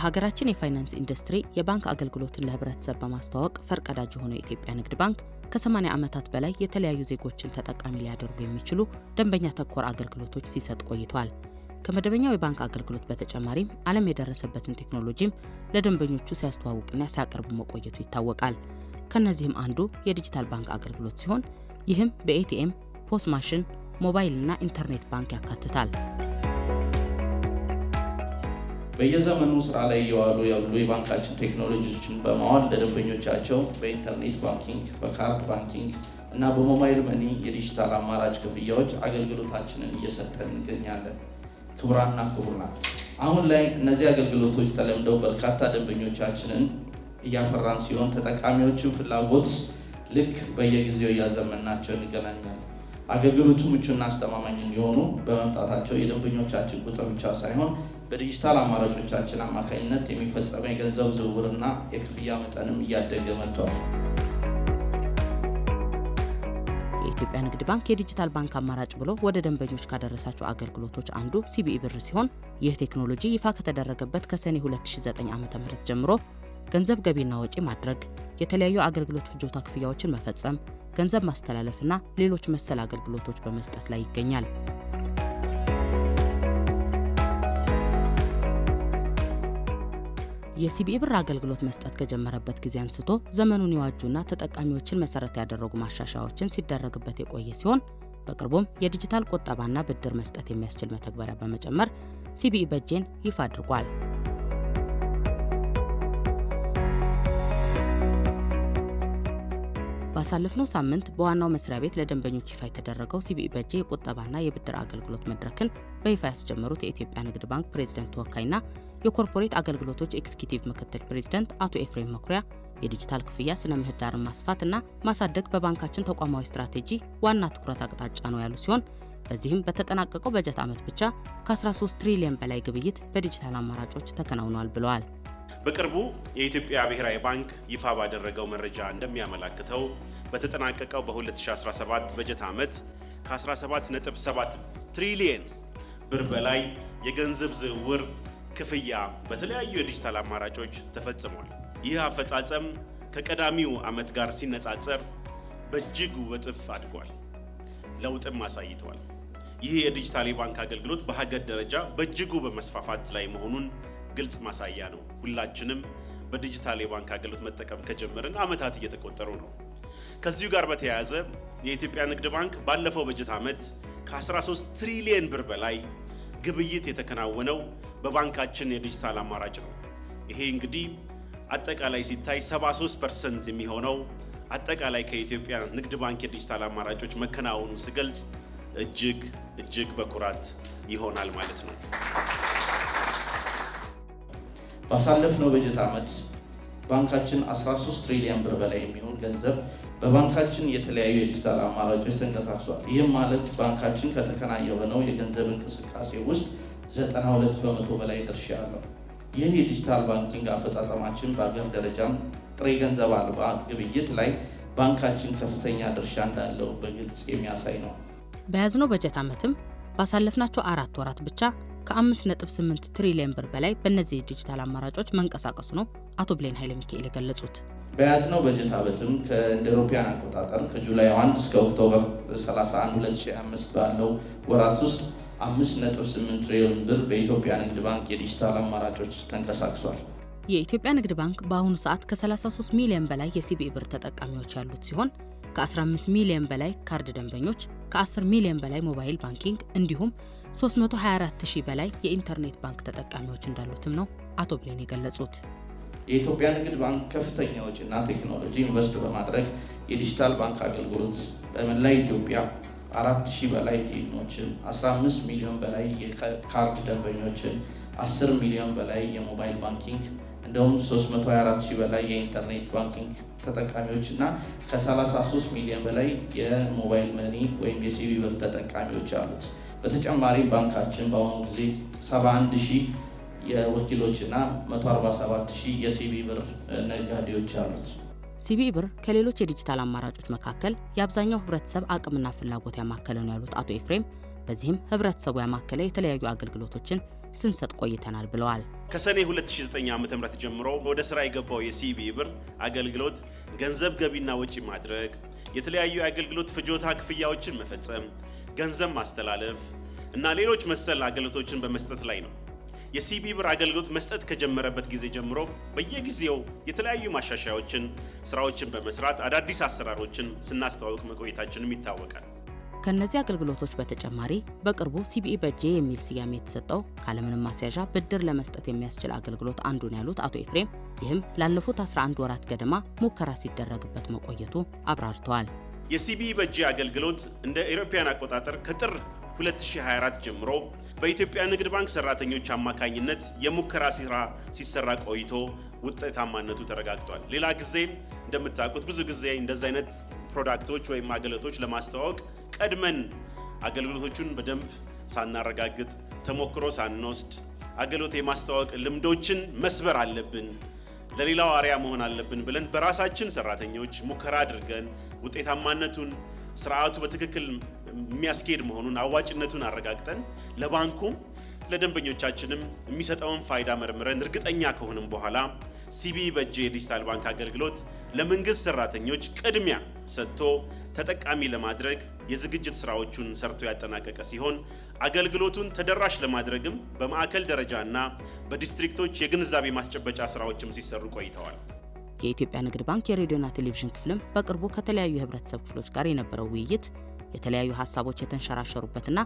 በሀገራችን የፋይናንስ ኢንዱስትሪ የባንክ አገልግሎትን ለህብረተሰብ በማስተዋወቅ ፈርቀዳጅ የሆነው የኢትዮጵያ ንግድ ባንክ ከ80 ዓመታት በላይ የተለያዩ ዜጎችን ተጠቃሚ ሊያደርጉ የሚችሉ ደንበኛ ተኮር አገልግሎቶች ሲሰጥ ቆይቷል። ከመደበኛው የባንክ አገልግሎት በተጨማሪም ዓለም የደረሰበትን ቴክኖሎጂም ለደንበኞቹ ሲያስተዋውቅና ሲያቀርቡ መቆየቱ ይታወቃል። ከእነዚህም አንዱ የዲጂታል ባንክ አገልግሎት ሲሆን ይህም በኤቲኤም፣ ፖስ ማሽን፣ ሞባይልና ኢንተርኔት ባንክ ያካትታል። በየዘመኑ ስራ ላይ እየዋሉ ያሉ የባንካችን ቴክኖሎጂዎችን በማዋል ለደንበኞቻቸው በኢንተርኔት ባንኪንግ፣ በካርድ ባንኪንግ እና በሞባይል መኒ የዲጂታል አማራጭ ክፍያዎች አገልግሎታችንን እየሰጠን እንገኛለን። ክቡራና ክቡራን አሁን ላይ እነዚህ አገልግሎቶች ተለምደው በርካታ ደንበኞቻችንን እያፈራን ሲሆን ተጠቃሚዎችን ፍላጎት ልክ በየጊዜው እያዘመናቸው እንገናኛለን። አገልግሎቱ ምቹና አስተማማኝ እንዲሆኑ በመምጣታቸው የደንበኞቻችን ቁጥር ብቻ ሳይሆን በዲጂታል አማራጮቻችን አማካኝነት የሚፈጸመው የገንዘብ ዝውውርና የክፍያ መጠንም እያደገ መጥቷል። የኢትዮጵያ ንግድ ባንክ የዲጂታል ባንክ አማራጭ ብሎ ወደ ደንበኞች ካደረሳቸው አገልግሎቶች አንዱ ሲቢኢ ብር ሲሆን ይህ ቴክኖሎጂ ይፋ ከተደረገበት ከሰኔ 2009 ዓ ም ጀምሮ ገንዘብ ገቢና ወጪ ማድረግ፣ የተለያዩ አገልግሎት ፍጆታ ክፍያዎችን መፈጸም፣ ገንዘብ ማስተላለፍና ሌሎች መሰል አገልግሎቶች በመስጠት ላይ ይገኛል። የሲቢኢ ብር አገልግሎት መስጠት ከጀመረበት ጊዜ አንስቶ ዘመኑን የዋጁና ተጠቃሚዎችን መሰረት ያደረጉ ማሻሻያዎችን ሲደረግበት የቆየ ሲሆን በቅርቡም የዲጂታል ቁጠባና ብድር መስጠት የሚያስችል መተግበሪያ በመጨመር ሲቢኢ በጄን ይፋ አድርጓል። ባሳለፍነው ሳምንት በዋናው መስሪያ ቤት ለደንበኞች ይፋ የተደረገው ሲቢኢ በጄ የቁጠባና የብድር አገልግሎት መድረክን በይፋ ያስጀመሩት የኢትዮጵያ ንግድ ባንክ ፕሬዚደንት ተወካይና የኮርፖሬት አገልግሎቶች ኤግዚኪቲቭ ምክትል ፕሬዚደንት አቶ ኤፍሬም መኩሪያ የዲጂታል ክፍያ ስነ ምህዳርን ማስፋትና ማሳደግ በባንካችን ተቋማዊ ስትራቴጂ ዋና ትኩረት አቅጣጫ ነው ያሉ ሲሆን በዚህም በተጠናቀቀው በጀት ዓመት ብቻ ከ13 ትሪሊዮን በላይ ግብይት በዲጂታል አማራጮች ተከናውኗል ብለዋል። በቅርቡ የኢትዮጵያ ብሔራዊ ባንክ ይፋ ባደረገው መረጃ እንደሚያመላክተው በተጠናቀቀው በ2017 በጀት ዓመት ከ17.7 ትሪሊየን ብር በላይ የገንዘብ ዝውውር ክፍያ በተለያዩ የዲጂታል አማራጮች ተፈጽሟል። ይህ አፈጻጸም ከቀዳሚው ዓመት ጋር ሲነጻጸር በእጅግ በጥፍ አድጓል፣ ለውጥም አሳይተዋል። ይህ የዲጂታል የባንክ አገልግሎት በሀገር ደረጃ በእጅጉ በመስፋፋት ላይ መሆኑን ግልጽ ማሳያ ነው። ሁላችንም በዲጂታል የባንክ አገልግሎት መጠቀም ከጀመርን ዓመታት እየተቆጠሩ ነው። ከዚሁ ጋር በተያያዘ የኢትዮጵያ ንግድ ባንክ ባለፈው በጀት ዓመት ከ13 ትሪሊየን ብር በላይ ግብይት የተከናወነው በባንካችን የዲጂታል አማራጭ ነው። ይሄ እንግዲህ አጠቃላይ ሲታይ 73 ፐርሰንት የሚሆነው አጠቃላይ ከኢትዮጵያ ንግድ ባንክ የዲጂታል አማራጮች መከናወኑ ስገልጽ እጅግ እጅግ በኩራት ይሆናል ማለት ነው። ባሳለፍነው በጀት ዓመት ባንካችን 13 ትሪሊዮን ብር በላይ የሚሆን ገንዘብ በባንካችን የተለያዩ የዲጂታል አማራጮች ተንቀሳቅሷል። ይህም ማለት ባንካችን ከተከናወነው የገንዘብ እንቅስቃሴ ውስጥ 92 በመቶ በላይ ድርሻ አለው። ይህ የዲጂታል ባንኪንግ አፈጻጸማችን በአገር ደረጃም ጥሬ ገንዘብ አልባ ግብይት ላይ ባንካችን ከፍተኛ ድርሻ እንዳለው በግልጽ የሚያሳይ ነው። በያዝነው በጀት ዓመትም ባሳለፍናቸው አራት ወራት ብቻ ከ5.8 ትሪሊዮን ብር በላይ በእነዚህ የዲጂታል አማራጮች መንቀሳቀሱ ነው አቶ ብሌን ኃይለ ሚካኤል የገለጹት። በያዝነው በጀት ዓመትም እንደ አውሮፓውያን አቆጣጠር ከጁላይ 1 እስከ ኦክቶበር 31 2025 ባለው ወራት ውስጥ አምስት ነጥብ ስምንት ትሪሊዮን ብር በኢትዮጵያ ንግድ ባንክ የዲጂታል አማራጮች ተንቀሳቅሷል። የኢትዮጵያ ንግድ ባንክ በአሁኑ ሰዓት ከ33 ሚሊዮን በላይ የሲቢኢ ብር ተጠቃሚዎች ያሉት ሲሆን ከ15 ሚሊዮን በላይ ካርድ ደንበኞች፣ ከ10 ሚሊዮን በላይ ሞባይል ባንኪንግ እንዲሁም 324 ሺህ በላይ የኢንተርኔት ባንክ ተጠቃሚዎች እንዳሉትም ነው አቶ ብሌን የገለጹት። የኢትዮጵያ ንግድ ባንክ ከፍተኛ ወጪና ቴክኖሎጂ ኢንቨስት በማድረግ የዲጂታል ባንክ አገልግሎት በመላ ኢትዮጵያ አራት ሺህ በላይ ቴሌኖችን 15 ሚሊዮን በላይ የካርድ ደንበኞችን 10 ሚሊዮን በላይ የሞባይል ባንኪንግ እንደውም 324 ሺህ በላይ የኢንተርኔት ባንኪንግ ተጠቃሚዎች እና ከ33 ሚሊዮን በላይ የሞባይል መኒ ወይም የሲቪ ብር ተጠቃሚዎች አሉት። በተጨማሪ ባንካችን በአሁኑ ጊዜ 71 ሺህ የወኪሎች እና 147 ሺህ የሲቪ ብር ነጋዴዎች አሉት። ሲቢኢ ብር ከሌሎች የዲጂታል አማራጮች መካከል የአብዛኛው ህብረተሰብ አቅምና ፍላጎት ያማከለ ነው ያሉት አቶ ኤፍሬም፣ በዚህም ህብረተሰቡ ያማከለ የተለያዩ አገልግሎቶችን ስንሰጥ ቆይተናል ብለዋል። ከሰኔ 2009 ዓ.ም ጀምሮ ወደ ስራ የገባው የሲቢኢ ብር አገልግሎት ገንዘብ ገቢና ወጪ ማድረግ፣ የተለያዩ የአገልግሎት ፍጆታ ክፍያዎችን መፈጸም፣ ገንዘብ ማስተላለፍ እና ሌሎች መሰል አገልግሎቶችን በመስጠት ላይ ነው። የሲቢ ብር አገልግሎት መስጠት ከጀመረበት ጊዜ ጀምሮ በየጊዜው የተለያዩ ማሻሻያዎችን፣ ስራዎችን በመስራት አዳዲስ አሰራሮችን ስናስተዋውቅ መቆየታችንም ይታወቃል። ከነዚህ አገልግሎቶች በተጨማሪ በቅርቡ ሲቢኢ በጄ የሚል ስያሜ የተሰጠው ካለምንም ማስያዣ ብድር ለመስጠት የሚያስችል አገልግሎት አንዱን ያሉት አቶ ኤፍሬም ይህም ላለፉት 11 ወራት ገደማ ሙከራ ሲደረግበት መቆየቱ አብራርተዋል። የሲቢኢ በጄ አገልግሎት እንደ አውሮፓውያን አቆጣጠር ከጥር 2024 ጀምሮ በኢትዮጵያ ንግድ ባንክ ሰራተኞች አማካኝነት የሙከራ ስራ ሲሰራ ቆይቶ ውጤታማነቱ ተረጋግጧል። ሌላ ጊዜ እንደምታውቁት ብዙ ጊዜ እንደዚህ አይነት ፕሮዳክቶች ወይም አገልግሎቶች ለማስተዋወቅ ቀድመን አገልግሎቶቹን በደንብ ሳናረጋግጥ ተሞክሮ ሳንወስድ አገልግሎት የማስተዋወቅ ልምዶችን መስበር አለብን፣ ለሌላው አርያ መሆን አለብን ብለን በራሳችን ሰራተኞች ሙከራ አድርገን ውጤታማነቱን ስርዓቱ በትክክል የሚያስኬድ መሆኑን አዋጭነቱን አረጋግጠን ለባንኩም ለደንበኞቻችንም የሚሰጠውን ፋይዳ መርምረን እርግጠኛ ከሆንም በኋላ ሲቢ በእጅ የዲጂታል ባንክ አገልግሎት ለመንግስት ሰራተኞች ቅድሚያ ሰጥቶ ተጠቃሚ ለማድረግ የዝግጅት ስራዎቹን ሰርቶ ያጠናቀቀ ሲሆን አገልግሎቱን ተደራሽ ለማድረግም በማዕከል ደረጃ ና በዲስትሪክቶች የግንዛቤ ማስጨበጫ ስራዎችም ሲሰሩ ቆይተዋል። የኢትዮጵያ ንግድ ባንክ የሬዲዮና ቴሌቪዥን ክፍልም በቅርቡ ከተለያዩ የህብረተሰብ ክፍሎች ጋር የነበረው ውይይት የተለያዩ ሀሳቦች የተንሸራሸሩበትና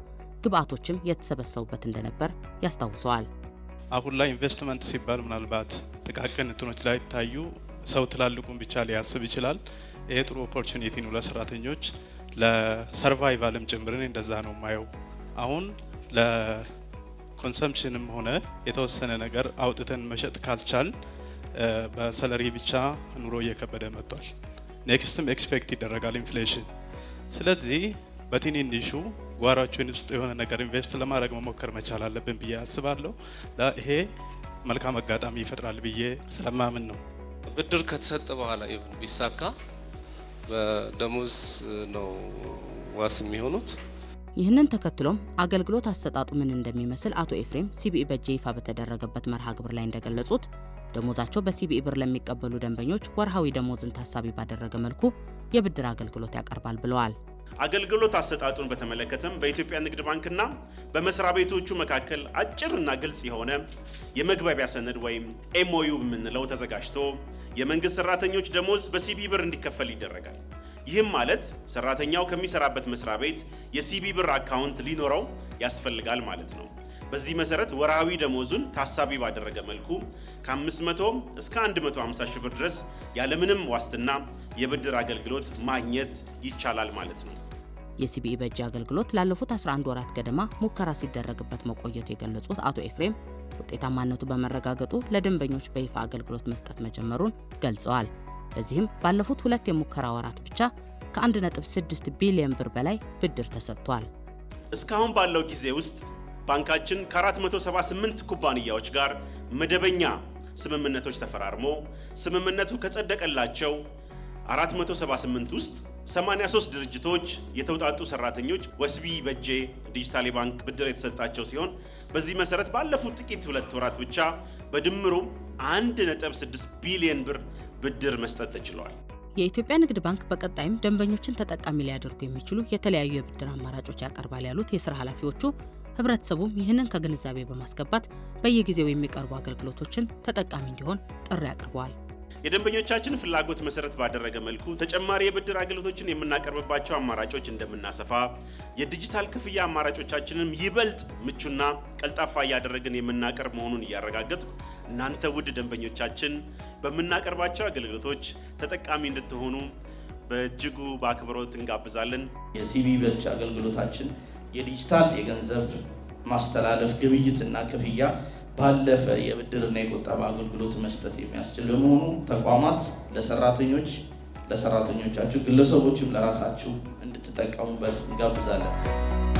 ግብአቶችም የተሰበሰቡበት እንደነበር ያስታውሰዋል። አሁን ላይ ኢንቨስትመንት ሲባል ምናልባት ጥቃቅን እንትኖች ላይ ታዩ ሰው ትላልቁን ብቻ ሊያስብ ይችላል። ይሄ ጥሩ ኦፖርቹኒቲ ነው ለሰራተኞች ለሰርቫይቫልም ጭምርን እንደዛ ነው የማየው። አሁን ለኮንሰምፕሽንም ሆነ የተወሰነ ነገር አውጥተን መሸጥ ካልቻል በሰለሪ ብቻ ኑሮ እየከበደ መጥቷል። ኔክስትም ኤክስፔክት ይደረጋል ኢንፍሌሽን ስለዚህ በትንንሹ ጓሯችን ውስጥ የሆነ ነገር ኢንቨስት ለማድረግ መሞከር መቻል አለብን ብዬ አስባለሁ። ይሄ መልካም አጋጣሚ ይፈጥራል ብዬ ስለማምን ነው። ብድር ከተሰጠ በኋላ ይሁን ቢሳካ በደሞዝ ነው ዋስ የሚሆኑት። ይህንን ተከትሎም አገልግሎት አሰጣጡ ምን እንደሚመስል አቶ ኤፍሬም ሲቢኢ በጄ ይፋ በተደረገበት መርሃ ግብር ላይ እንደገለጹት ደሞዛቸው በሲቢኢ ብር ለሚቀበሉ ደንበኞች ወርሃዊ ደሞዝን ታሳቢ ባደረገ መልኩ የብድር አገልግሎት ያቀርባል ብለዋል። አገልግሎት አሰጣጡን በተመለከተም በኢትዮጵያ ንግድ ባንክና በመስሪያ ቤቶቹ መካከል አጭርና ግልጽ የሆነ የመግባቢያ ሰነድ ወይም ኤምኦዩ የምንለው ተዘጋጅቶ የመንግስት ሰራተኞች ደሞዝ በሲቢኢ ብር እንዲከፈል ይደረጋል። ይህም ማለት ሰራተኛው ከሚሰራበት መስሪያ ቤት የሲቢኢ ብር አካውንት ሊኖረው ያስፈልጋል ማለት ነው። በዚህ መሰረት ወራዊ ደሞዙን ታሳቢ ባደረገ መልኩ ከ500 እስከ 150 ሺህ ብር ድረስ ያለምንም ዋስትና የብድር አገልግሎት ማግኘት ይቻላል ማለት ነው። የሲቢኢ በእጅ አገልግሎት ላለፉት 11 ወራት ገደማ ሙከራ ሲደረግበት መቆየቱ የገለጹት አቶ ኤፍሬም ውጤታማነቱ በመረጋገጡ ለደንበኞች በይፋ አገልግሎት መስጠት መጀመሩን ገልጸዋል። በዚህም ባለፉት ሁለት የሙከራ ወራት ብቻ ከ1.6 ቢሊዮን ብር በላይ ብድር ተሰጥቷል። እስካሁን ባለው ጊዜ ውስጥ ባንካችን ከ478 ኩባንያዎች ጋር መደበኛ ስምምነቶች ተፈራርሞ ስምምነቱ ከጸደቀላቸው 478 ውስጥ 83 ድርጅቶች የተውጣጡ ሰራተኞች ወስቢ በጄ ዲጂታል የባንክ ብድር የተሰጣቸው ሲሆን በዚህ መሰረት ባለፉት ጥቂት ሁለት ወራት ብቻ በድምሩ 1.6 ቢሊዮን ብር ብድር መስጠት ተችሏል። የኢትዮጵያ ንግድ ባንክ በቀጣይም ደንበኞችን ተጠቃሚ ሊያደርጉ የሚችሉ የተለያዩ የብድር አማራጮች ያቀርባል ያሉት የስራ ኃላፊዎቹ ህብረተሰቡም ይህንን ከግንዛቤ በማስገባት በየጊዜው የሚቀርቡ አገልግሎቶችን ተጠቃሚ እንዲሆን ጥሪ አቅርበዋል። የደንበኞቻችን ፍላጎት መሰረት ባደረገ መልኩ ተጨማሪ የብድር አገልግሎቶችን የምናቀርብባቸው አማራጮች እንደምናሰፋ፣ የዲጂታል ክፍያ አማራጮቻችንም ይበልጥ ምቹና ቀልጣፋ እያደረግን የምናቀርብ መሆኑን እያረጋገጥኩ እናንተ ውድ ደንበኞቻችን በምናቀርባቸው አገልግሎቶች ተጠቃሚ እንድትሆኑ በእጅጉ በአክብሮት እንጋብዛለን። የሲቢ በች አገልግሎታችን የዲጂታል የገንዘብ ማስተላለፍ ግብይትና ክፍያ ባለፈ የብድርና የቁጠባ አገልግሎት መስጠት የሚያስችል በመሆኑ ተቋማት ለሰራተኞች ለሰራተኞቻችሁ ግለሰቦችም ለራሳችሁ እንድትጠቀሙበት እንጋብዛለን።